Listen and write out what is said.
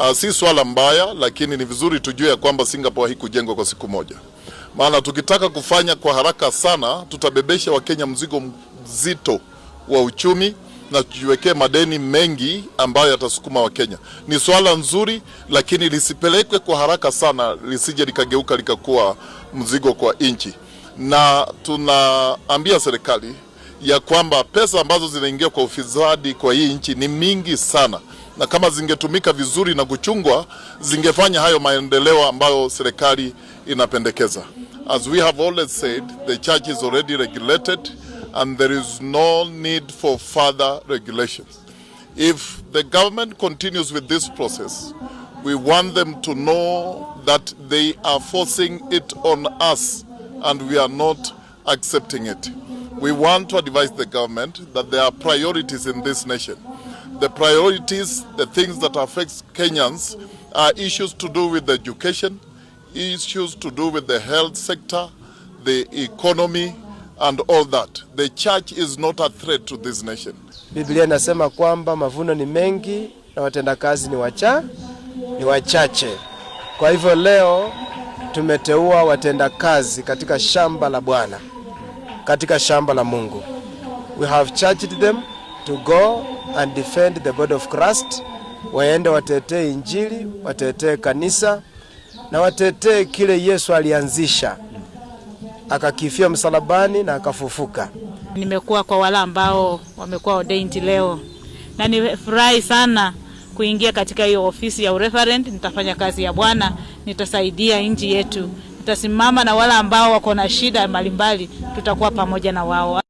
Uh, si swala mbaya, lakini ni vizuri tujue ya kwamba Singapore haikujengwa kwa siku moja, maana tukitaka kufanya kwa haraka sana tutabebesha Wakenya mzigo mzito wa uchumi na tujiwekee madeni mengi ambayo yatasukuma Wakenya. Ni swala nzuri, lakini lisipelekwe kwa haraka sana, lisije likageuka likakuwa mzigo kwa nchi, na tunaambia serikali ya kwamba pesa ambazo zinaingia kwa ufisadi kwa hii nchi ni mingi sana, na kama zingetumika vizuri na kuchungwa zingefanya hayo maendeleo ambayo serikali inapendekeza. As we have always said, the church is already regulated and there is no need for further regulations. If the government continues with this process, we want them to know that they are forcing it on us and we are not accepting it. We want to advise the government that there are priorities in this nation. The priorities, the things that affect Kenyans are issues to do with education, issues to do with the health sector, the economy and all that. The church is not a threat to this nation. Biblia inasema kwamba mavuno ni mengi na watendakazi ni wacha ni wachache. Kwa hivyo leo tumeteua watendakazi katika shamba la Bwana katika shamba la Mungu. We have charged them to go and defend the body of Christ, waende watetee Injili, watetee kanisa na watetee kile Yesu alianzisha akakifia msalabani na akafufuka. Nimekuwa kwa wale ambao wamekuwa ordained leo na nifurahi sana kuingia katika hiyo ofisi ya ureverend. Nitafanya kazi ya Bwana, nitasaidia nchi yetu tutasimama na wale ambao wako na shida mbalimbali, tutakuwa pamoja na wao.